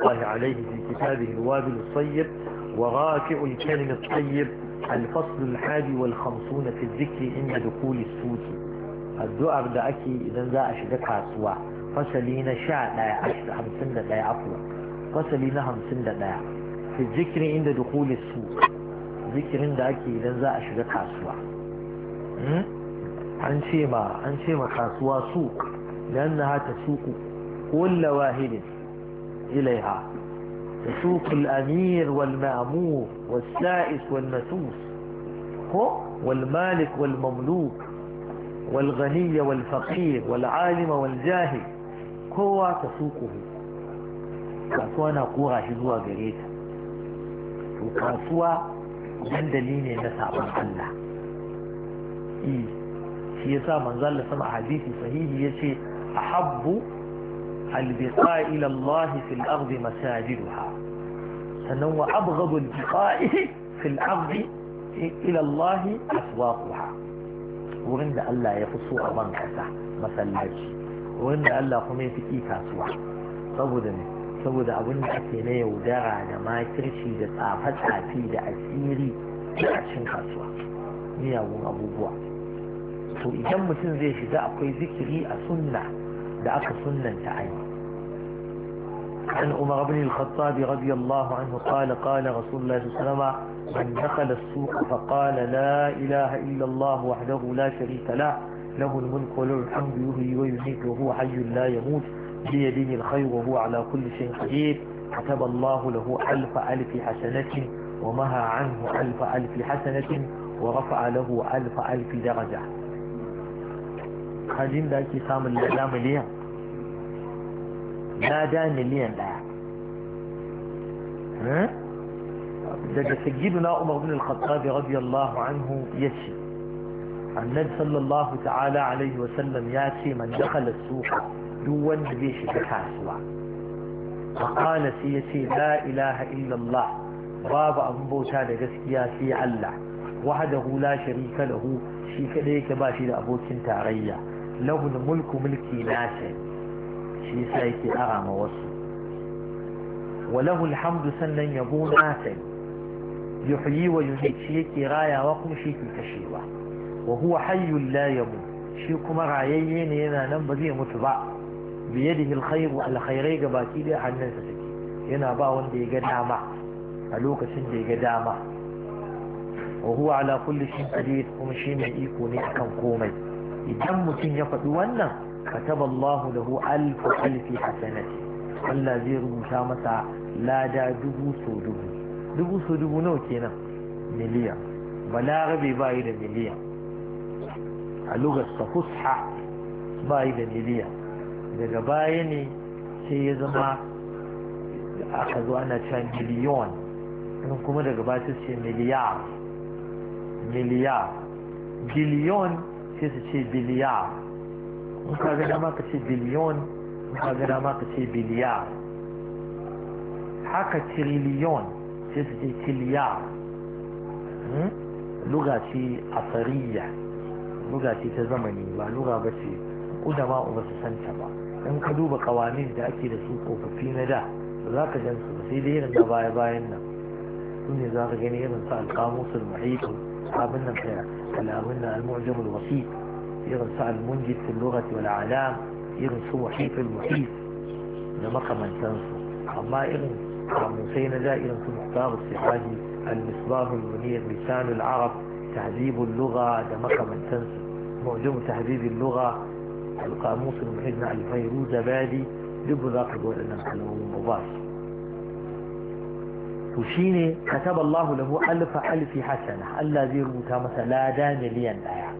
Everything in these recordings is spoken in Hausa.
الله عليه في كتابه الوابل الصيب وغاكع الكلم الطيب الفصل الحادي والخمسون في الذكر عند دخول السوس الدعاء بدأك إذا ذا أشدك عسوا فسلين شاء لا يعشد همسند لا يعطوا فسلين سند لا في الذكر عند دخول السوس ذكر عندك إذا ذا أشدك عسوا عن شيما عن شيما خاسوا سوق لأنها تسوق كل واهل إليها تسوق الأمير والمأمور والسائس والمسوس هو والمالك والمملوك والغني والفقير والعالم والجاهل كوا تسوقه كاسوانا قوها حلوة غريتا وكاسوا جندلين النساء من الله إيه هي يسا من ظل سمع حديث صحيح يشي أحب البقاء إلى الله في الأرض مساجدها فنوى أبغض البقاء في الأرض إلى الله أسواقها ورند ألا يقصوا أرضان كسا مثلا لكي ورند ألا قمين في كيكا سوا سبودا سبودا أبن أتنا يودارا نما ترشي دتا فتحة في دأسيري لأشن كسوا ميا ون بوا سو إجمع تنزيش دا أقوي ذكري أسنة دعك سنة تعالي عن عمر بن الخطاب رضي الله عنه قال قال رسول الله صلى الله عليه وسلم من دخل السوق فقال لا إله إلا الله وحده لا شريك له له الملك وله الحمد يهي ويميت وهو حي لا يموت بيده الخير وهو على كل شيء قدير كتب الله له ألف ألف حسنة ومهى عنه ألف ألف حسنة ورفع له ألف ألف درجة kajin da ake samun lada miliyan lada miliyan eh? daga sayyiduna umar bin al-khattab radiyallahu anhu yace annabi sallallahu ta'ala alaihi wa ya ce man dakhala suq duk wanda zai shiga kasuwa fa qala sai yace la ilaha illa allah babu abun bauta da gaskiya sai allah wahdahu la sharika lahu shi kadai yake ba shi da abokin tarayya lahul mulku mulki nashi shi sa yake ara wasu wa lahul hamdu sannan yabo nashi yuhyi wa yuhyi shi yake rayawa kuma shi ke kashewa wa huwa hayyul la yamut shi kuma rayayye ne yana nan ba zai mutu ba biyadihi alkhairu ga baki da hannunsa take yana ba wanda ya ga dama a lokacin da ya ga dama wa huwa ala kulli shay'in qadir kuma shi mai iko ne akan komai idan mutum ya faɗi wannan kataba Allahu lahu alfu alfi hasanati Allah zai rubuta masa lada dubu so dubu dubu so dubu nawa kenan miliyan balarabe ba yi da miliyan a lugarsa fusha ba yi da miliyan daga baya ne sai ya zama aka zo ana cewa miliyon in kuma daga baya sai miliyar miliyar biliyon sai su ce biliya in ka gana ma ce biliyon in ka gana ma ce biliya haka tiriliyon sai su ce tiliya hmm? luga ce asariya luga ce ta zamani ba luga ba ce kudama ba su santa ba in ka duba kawamin da ake da su tsofaffi na da ba za ka jan su ba sai dai irin na baya-bayan nan su ne za ka gani irin su alkamusul mahaifin أصحاب النمسة كلامنا المعجم الوسيط يغنصع المنجد في اللغة والعلام يغنصو وحيف المحيط نمق من تنصر أما إغن عمسين لا في مختار السحادي المصباح المنير لسان العرب تهذيب اللغة دمق من تنصر معجم تهذيب اللغة القاموس المحيط مع الفيروز بادي لبذاق ذاك قول أنه مباشر to shine kataba Allah lahu alfa alfi hasana Allah zai rubuta masa lada miliyan daya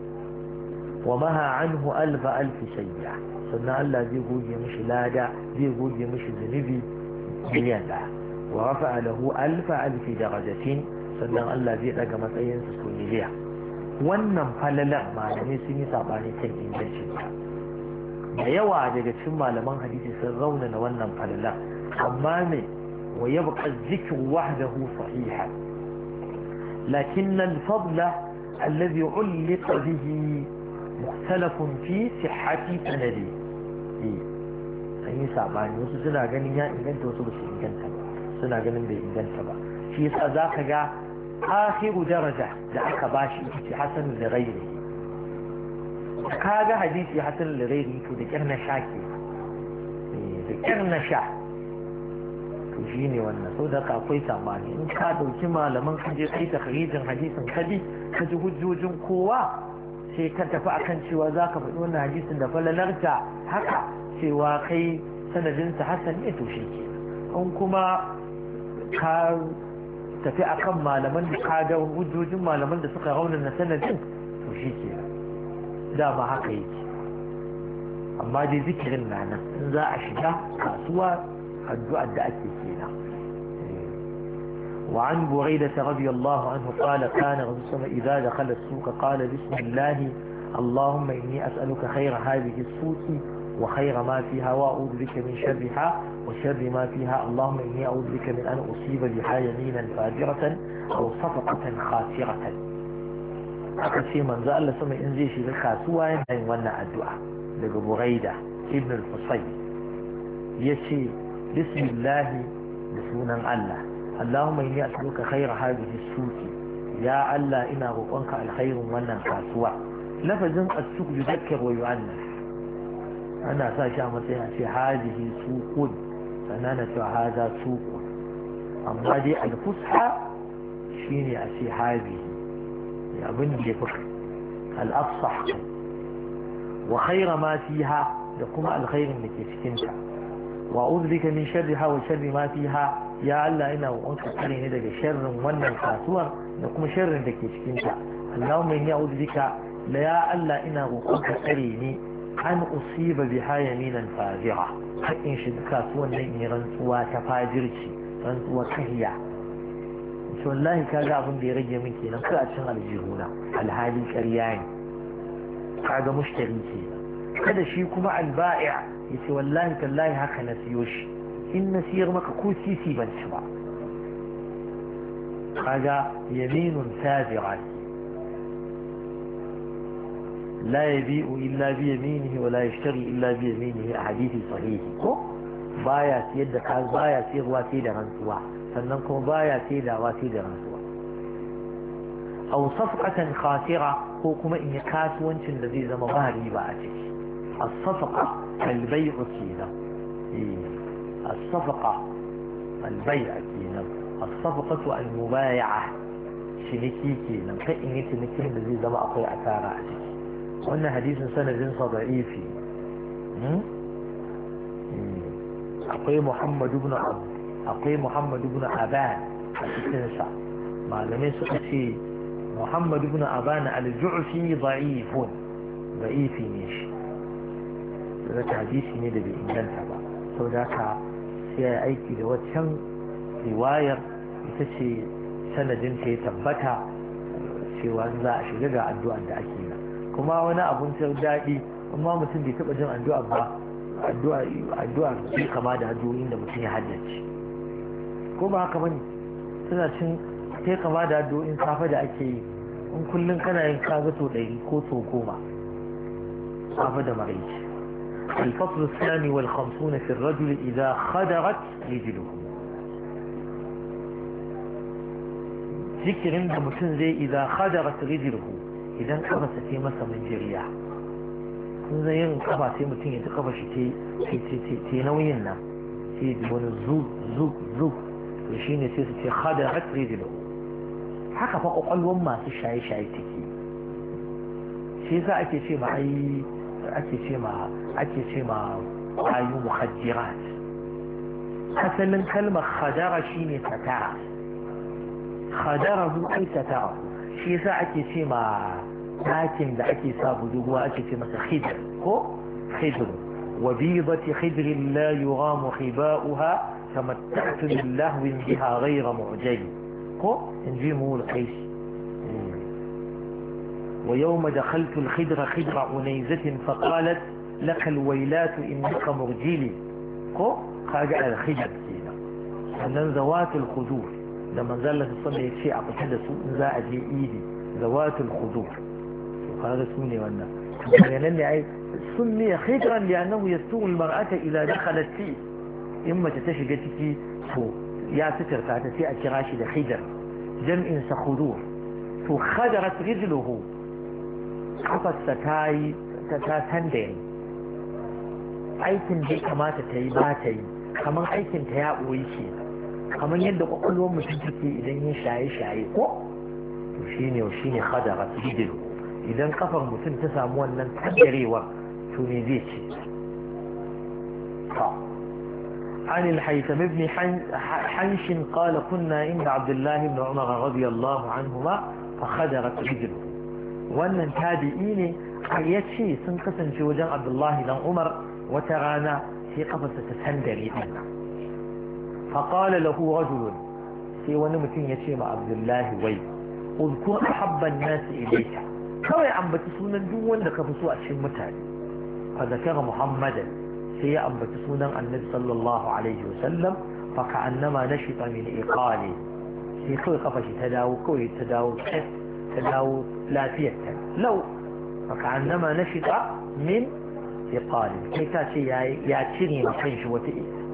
wa maha anhu alfa alfi sayya sannan Allah zai goge mishi lada zai goge mishi zunubi miliyan daya wa rafa lahu alfa alfi darajatin sannan Allah zai daga matsayin su miliya wannan falalar malamai sun yi sabani kan ingancin da yawa daga cikin malaman hadisi sun na wannan falalar amma me ويبقى الذكر وحده صحيحا لكن الفضل الذي علق به مختلف في صحة سنده إيه؟ في صداقة آخر درجة لأك باشي في حسن لغيره هذا حديث حسن لغيره كو ذكرنا شاكي ذكرنا إيه، شاكي to shi ne wannan sau da ka akwai sabani in ka ɗauki malaman ka je kai takarijin hadisin kadi ka ji hujjojin kowa sai ka tafi akan cewa zaka ka faɗi wannan hadisin da falalarta haka cewa kai sanadinsa hasan ne to shi ke in kuma ka tafi akan malaman da ka ga hujjojin malaman da suka rauna na sanadin to shi ke dama haka yake amma dai zikirin na nan in za a shiga kasuwa addu'ar da ake kenan وعن بريدة رضي الله عنه قال كان رضي الله إذا دخل السوق قال بسم الله اللهم إني أسألك خير هذه السوق وخير ما فيها وأعوذ بك من شرها وشر ما فيها اللهم إني أعوذ بك من أن أصيب بها يمينا فاجرة أو صفقة خاسرة أكثر من زال سمع إن زي شيء الخاسوة ينهي وانا الدعاء لقبو غيدة ابن الفصيل يشي bismillahi da sunan Allah Allahumma inni as'aluka khayra hadhihi as-suqi ya Allah ina roƙonka alkhairin wannan kasuwa lafazin as-suq yuzakkar wa yu'annas ana sa shi a matsayin a ce hadhihi suqun sannan na cewa amma dai al-fusha shine a ce hadhihi abin da ya fi al-afsah wa khayra da kuma alkhairin da ke cikinta wa uzrika min sharri ha wa sharri ma fiha ya Allah ina wanka kare ne daga sharrin wannan kasuwar da kuma sharrin da ke cikin ta Allahumma inni a'udhuka la ya Allah ina roƙonka kare ni an usiba bi hayaminan fazi'a har in shiga kasuwar nan in rantsuwa ta fajirci rantsuwa kahiya to wallahi kaga abin da ya rage min kenan kada cin aljihuna alhali ƙarya ne kaga mushtari kada shi kuma alba'i yace wallahi tallahi haka na siyo shi in na siyar maka ko sisi ban ci ba kaga yaminun sabi'a لا يبيع إلا بيمينه ولا يشتري إلا بيمينه أحاديث صحيح كو بايا سيد قال بايا سيد واتيدا رنسوا فننكم بايا سيدا واتيدا رنسوا أو صفقة خاسرة هو كما إن كاسوانش الذي زم ظهري بأتش الصفقة البيع كينا إيه. الصفقة البيع كينا الصفقة المبايعة شنكي كينا فإن تنكي الذي زمع قوي أتارا عليك قلنا حديث سنة جنسة ضعيفي إيه. أقوي محمد بن عبد أقوي محمد بن عبا أتنسى ما لم يسأتي محمد بن عبان الجعفي ضعيف ضعيف ماشي wata hadisi ne da bai inganta ba sau da ka sai ya aiki da waccan riwayar ita ce sanadin ta ya tabbata cewa za a shiga ga addu'ar da ake yi kuma wani abun sai daɗi amma mutum bai taɓa jin addu'a ba addu'a addu'a kama da addu'o'in da mutum ya haddace ko ba haka bane suna cin sai kama da addu'o'in kafa da ake yi in kullum kana yin kaga to ɗari ko to goma kafa da maraice الفصل الثاني والخمسون في الرجل إذا خدرت رجله ذكر عند متن زي إذا خدرت رجله إذا انقبس في مسا من جريا زي انقبع في متن يتقبش تي تي تي تي تي نوينا تي دون زوب زوب زوب وشين يسيس تي خدرت رجله haka fa kwakwalwar masu shaye-shaye take shi za ake ce ma ai أتسمى أتسمى أيو مخدرات حسنا كلمة خدر شيني تتعر خدر هو أي تتعر شي ساعة تسمى هاتم ذا أتسابه هو أتسمى خدر هو خدر وبيضة خدر لا يغام خباؤها تمتعت من لهو بها غير معجل هو انجمه القيس ويوم دخلت الخدر خدر أنيزة فقالت لك الويلات إنك مرجلي كو خاجع الخدر كينا ومن ذوات الخدور لما زال الصلاة الشيعة أقتل سوء زاء إيدي ذوات الخدور وهذا سني وانا يعني أي سمي خدرا لأنه يستوغ المرأة إذا دخلت فيه إما تتشقتك فيه يا ستر فاتسي أكراشي لخدر جمع خدور فخدرت رجله kafarsa ta yi ta ta tandari aikin da kamata ta yi ba ta yi kamar aikin ta ya ɓoyi ke kamar yadda kwakwalwar mutum take idan ya shaye-shaye ko to shi ne shi ne hadara bidiru idan kafar mutum ta samu wannan tandarewar to ne zai ce عن الحيثم بن حنش قال كنا عند عبد الله بن عمر رضي الله عنهما فخدرت رجله wannan tabi'i ne a ce sun kasance wajen abdullahi dan umar wata rana sai kafasa ta sandare ɗin faƙala lahu rajulun sai wani mutum ya ce ma abdullahi wai uzkur ahabban nasu ilaika kawai ambaci sunan duk wanda ka fi so a cikin mutane fa zakara muhammadan sai ya ambaci sunan annabi sallallahu alaihi wasallam fa ka'annama nashita min iqali sai kawai kafa shi ta dawo kawai ta dawo أو لاتية لو فعندما نشط من إقالة كيف يأتيني الحج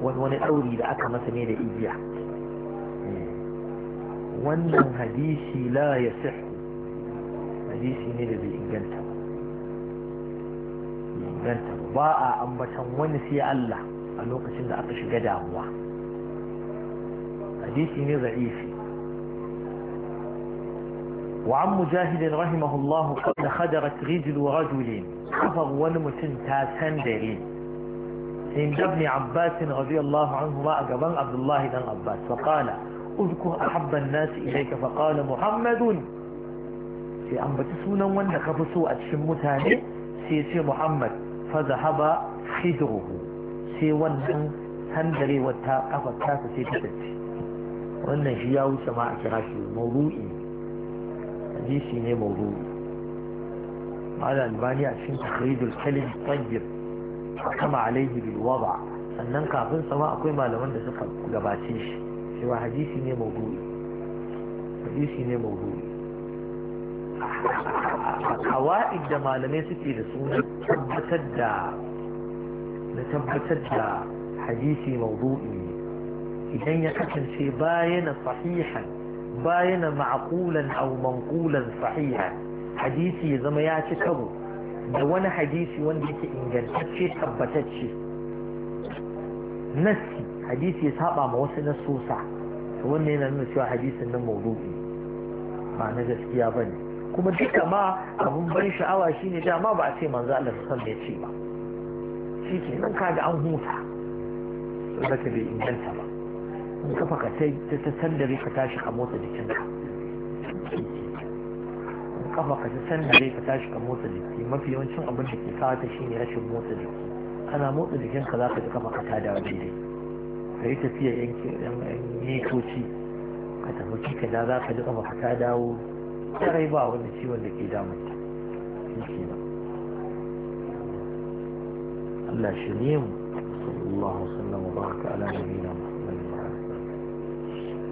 ونأولي لأكا مثلا إذا إيجيع وأن هديثي لا يصح هديثي نرى بإنجلتا إنجلتا باء أمبا تنونسي الله أنه قسم لأكش قدام هديثي نرى إيجيع وعن مجاهد رحمه الله قد خدرت رجل ورجل كفر ونمتن تاسن دري عند ابن عباس رضي الله عنهما أقبل عبد الله بن عباس فقال اذكر أحب الناس إليك فقال محمد في أنبت سونا وان كفسوا أتشم تاني سيسي محمد فذهب خدره سي وان تندري وتا قفت تاسي تتتي وان شياو سماع كراشي موضوعي حديثي ما موضوع قال الباني عشان تخريج الكلم الطيب حكم عليه بالوضع سنن كافين سواء اكوي ما لون ده سفر قباتيش سوى حديثي ما موضوع حديثي ما موضوع حوائد ده لم يسكي رسول تبتد نتبتد حديثي موضوعي إذن يكتن في باين صحيحاً bayan ma'qulan aw manqulan sahiha hadisi ya zama ya ci karo da wani hadisi wanda yake ingantacce tabbatacce nassi hadisi ya saba ma wasu nasosa to wannan yana nuna cewa hadisin nan maudu'i ba na gaskiya bane kuma duka ma abun ban sha'awa shine dama ba a ce manzo Allah sallallahu alaihi ya ce ba shi ka kaga an huta saboda bai inganta ba in kafa ka sai ta sandare ka tashi ka motsa jikinka kafa ka ta sandare ka tashi ka motsa jiki mafi yawancin abin da ke kawo ta shine rashin motsa jiki kana motsa jikinka za ka ji kafa ka tada wa daidai ka yi tafiya yan mitoci ka tafi kika da za ka ji kafa ka ta dawo sarai ba wani ciwon da ke damun ta shi ba Allah shi ne mu sallallahu alaihi wa sallam baraka ala nabiyina